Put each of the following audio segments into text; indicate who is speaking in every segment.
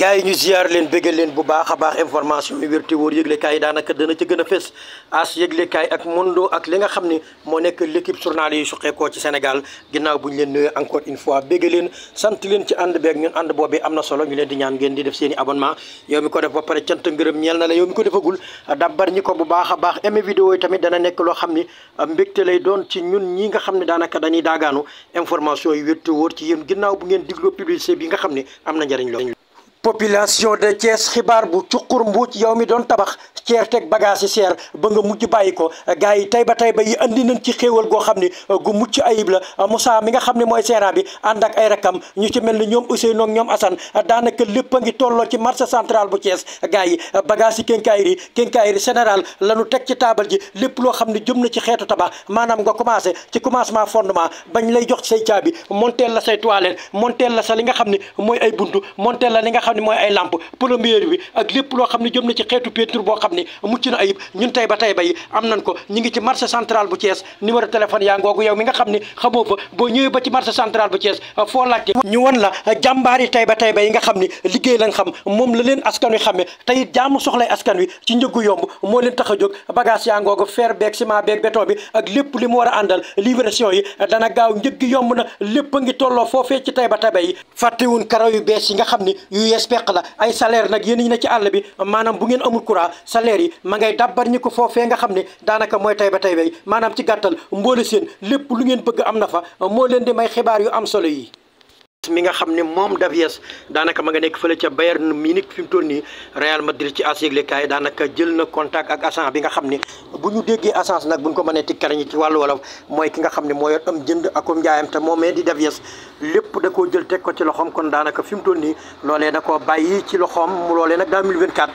Speaker 1: gars yi ñu ziar leen béggal leen bu baax a baax information yi wér te wóor yëglekaay yi daanaka dana ci gën a fës as yëglekaay ak mondo ak li nga xam ne moo nekk l'équipe journal yi suqeekoo ci Sénégal ginnaaw bu ñu leen nuyoo encore une fois béggal leen sant leen ci ànd beeg ñun ànd boobu am na solo ñu leen di ñaan ngeen di def seen i abonnement yow mi ko def ba pare cant ngërëm ñeel na la yow mi ko defagul dabbar ñi ko bu baax a baax aimé vidéo yi tamit dana nekk loo xam ni mbégte lay doon ci ñun ñi nga xam ne daanaka dañuy daagaanu information yi wér ci yéen ginnaaw bu ngeen digloo publicité bi nga xam ne am na njëriñ lool population de Thiès xibaar bu cuqur mbuuc yow mi doon tabax ceer teg bagage yi seer ba nga mujj bàyyi ko gars yi tey ba tey ba yi andi nañ ci xéewal goo xam ne euh, gu mucc ayib la euh, Moussa mi nga xam ne mooy seera bi ànd ay rek rakam ñu ci mel ni ñoom Ousseynou ak ñoom Assane euh, daanaka lépp ngi tolloo ci marché centrale bu Thiès gars yi bagage yi kenkaayiri kenkaayiri sénéral la ñu teg ci taabal ji lépp loo xam ne jëm na ci xeetu tabax maanaam nga commencé ci commencement fondement bañ lay jox say caabi monteel la say toilette monteel la sa li nga xam ne mooy ay buntu xam ne mooy ay lampe plombier bi ak lépp loo xam ne jëm na ci xeetu ba tey bay am nañ ko ñu ngi ci marché central bu ba ci euh, moom la leen askan wi xamee tey jaamu soxlay askan wi ci njëggu yomb moo leen tax a jóg bagage yaa ngoogu fer beeg ciment beeg béton bi ak lépp li mu war a àndal livraison yi dana gaaw njëggi yomb na lépp a tolloo foofee ci tey ba tey ba yi fàttewun karaw yu bees yi nga xam ne bees peq la ay salaire nag yéen yi ne ci àll bi maanaam bu ngeen amul kura salaire yi ma ngay dabbar ñi ko fee nga xam ne daanaka mooy tay ba tay bay maanaam ci gàttal mboole seen lépp lu ngeen bëgg am na fa moo leen di may xibaar yu am solo yi mi nga xam ne moom Davies daanaka ma nga nekk fële ca Bayern Munich fi mu toll nii Real Madrid ci as yëglekaay daanaka jël na contact ak Assane bi nga xam ni bu ñu déggee Assane nag bu ñu ko mënee ci karañi ci wàllu wolof mooy ki nga xam ne moo yor am jënd akum njaayam te moomee di Davies lépp da koo jël teg ko ci loxoom kon daanaka fi mu toll nii loolee da koo bàyyi ci loxoom mu loolee nag daa 2024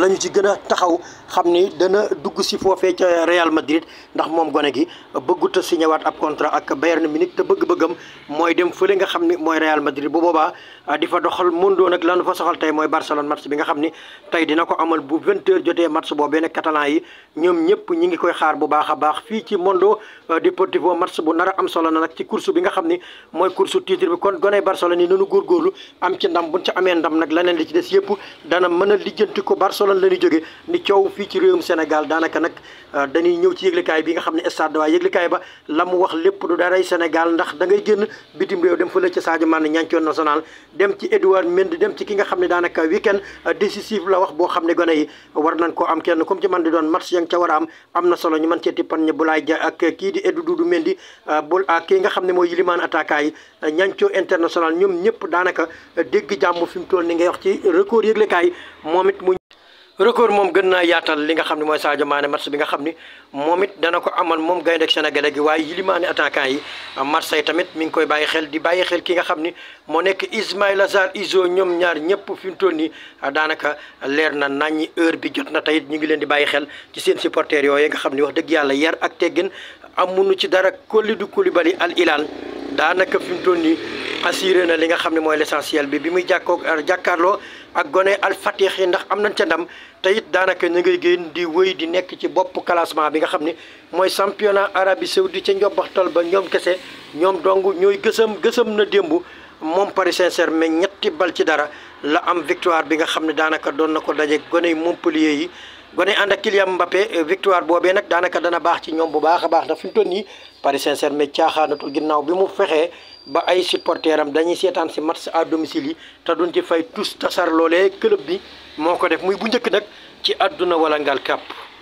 Speaker 1: la ñu gën a taxaw xam ni dana dugg si foofee ca Real Madrid ndax moom gone gi bëggut a signé waat ab contrat ak bi Munich te bëgg-bëggam mooy dem fële nga xam ni mooy Real Madrid bu boobaa ah, di fa doxal mëndoo nag lanu fa soxal tey mooy Barcelone match bi nga xam ni tey dina ko amal bu 20h jotee match boobee nag catalan yi ñoom ñëpp ñi ngi koy xaar bu baax a fii ci Mundo ah, Deportivo match bu nar am solo na nag ci course bi nga xam ni mooy course titre bi kon gone Barcelone yi nanu góorgóorlu am ci ndam buñ ci amee ndam nag leneen li ci des yëpp dana mën a lijjanti solo la ñuy jógee ni coow fii ci réewum Sénégal daanaka nag euh, dañuy ñëw ci yëglikaay bi nga xam ne stade waaye yëglikaay ba la mu wax lépp du daray Sénégal ndax da ngay génn bitim réew dem fële ca Sadio Mané ñancoon national dem ci Edouard Mendy dem ci ki nga xam ne daanaka week-end euh, décisif la wax boo xam ne gone yi war nañ koo am kenn comme ci man di doon match ya nga ca war a am am na solo ñu mën cee tippan ñi Boulaye Dia ak euh, ne mooy yilimaan attaquant ñëpp daanaka dégg jàmm fi mu toll ni nga wax ci record yëglekaay moom it record moom gën naa yaatal li nga xam ne mooy Sadio Mané match bi nga xam ni moom it dana ko amal moom gaynde Sénégal gi waaye yilimaane attaquant yi Marseille tamit mi ngi koy bàyyi xel di bàyyi xel ki nga xam ni moo nekk Ismaïla Sarr Iso ñoom ñaar ñëpp fi mu toll nii daanaka leer na naññi heure bi jot na tey ñu ngi leen di bàyyi xel ci seen supporters yooyu nga xam ni wax dëgg yàlla yar ak teggin amuñu ci dara Kalidou Koulibaly Al Hilal al fi assuré na li nga xam ne mooy l'essentiel bi bi muy jàkkoog jàkkaarloo ak gone al fatix yi ndax am na ca ndam te daanaka ñu ngay génn di wéy di nekk ci bopp classement bi nga xam ne mooy championnat Arabie Saoudite ca njobbaxtal ba ñoom kese ñoom dong ñooy gësëm gësëm na démb moom Paris Saint-Germain ñetti bal ci dara la am victoire bi nga xam ne daanaka doon na ko daje gone Montpellier yi gone ànd ak Kylian Mbappé euh, victoire boobee nag daanaka dana baax ci ñoom bu baax a baax ndax fi mu toll nii Paris Saint-Germain caaxaanatul ginnaaw bi mu fexee ba ay supporters am dañuy seetaan si match à domicile yi te duñ ci fay tous tasar loolee club bi moo ko def muy bu njëkk nag ci adduna wala ngal kàpp